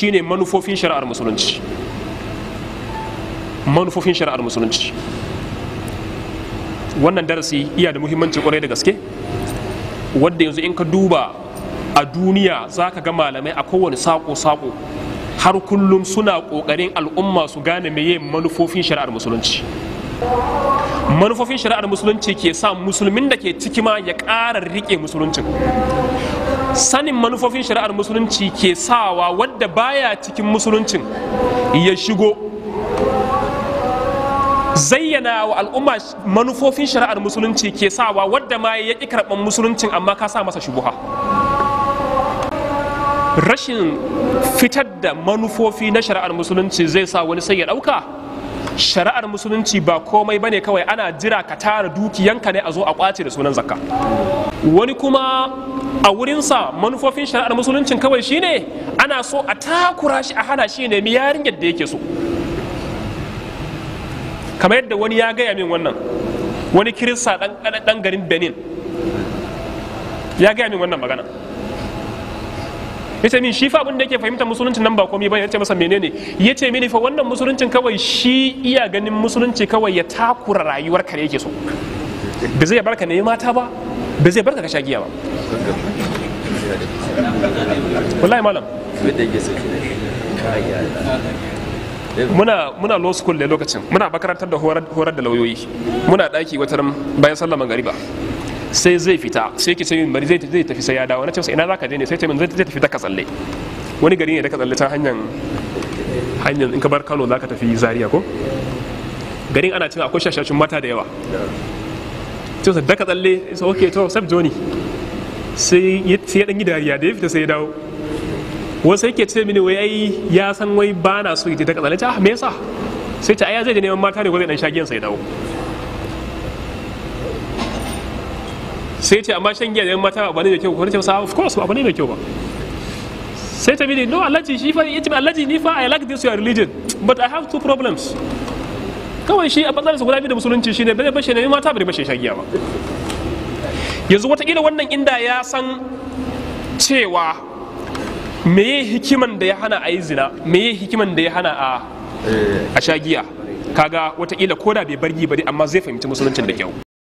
shine manufofin shari'ar musulunci manufofin shari'ar musulunci wannan darasi iya da muhimmanci kwarai da gaske wadda yanzu in ka duba a duniya za ka ga malamai a kowane sako-sako har kullum suna ƙoƙarin al'umma su gane meye manufofin shari'ar musulunci manufofin shari'ar musulunci ke sa musulmin da ke ciki ma ya ƙara rike musuluncin sanin manufofin shari'ar musulunci ke sawa wadda baya cikin musuluncin ya shigo zayyana wa al'umma manufofin shari'ar musulunci ke sawa wadda ma ya ƙi karɓar musuluncin amma ka sa masa shubuha rashin fitar da manufofi na shari'ar musulunci zai sa wani sai ya ɗauka shari'ar musulunci ba komai bane kawai ana jira ka tara dukiyanka ne a zo a kwace da sunan zakka wani kuma a wurinsa manufofin shari'ar musulunci kawai shine ana so a takura shi a hana shi ne mi yarin yadda yake so kamar yadda wani ya gaya min wannan wani kirista dan garin benin ya gaya min wannan magana yace min shi fa abin da yake fahimta musuluncin nan ba komai bane yace masa menene yace mini fa wannan musuluncin kawai shi iya ganin musulunci kawai ya takura rayuwar ka yake so ba zai barka ne mata ba ba zai barka ka shagiya ba wallahi malam muna muna law school da lokacin muna makarantar da horar da lauyoyi muna daki wata bayan sallar magariba sai zai fita sai ki ce min bari zai tafi sai ya dawo na ce ina zaka je ne sai ce min zai tafi daka tsalle wani gari ne daka tsalle ta hanyar hanyar in ka bar Kano zaka tafi Zaria ko garin ana cewa akwai shashashin mata da yawa to sai daka tsalle sai okay to sab joni sai ya dan yi dariya da ya fita sai ya dawo wasu yake ce mini wai ai ya san wai bana so ya je daka tsalle ta ah, me yasa sai ta aya zai je neman mata ne ko zai dan shagiyan sai ya dawo sai ce amma shan giya da yan mata ba ne mai kyau ko ce masa of course ba ne mai kyau ba sai ta bi no allaji shi fa yace allaji ni fa i like this your religion but i have two problems kawai shi a bangaren guda biyu da musulunci shine bai bashe ne mata bai bashe shan giya ba yanzu watakila wannan inda ya san cewa meye hikiman da ya hana a yi zina meye hikiman da ya hana a a sha giya kaga watakila koda bai bargi ba amma zai fahimci musuluncin da kyau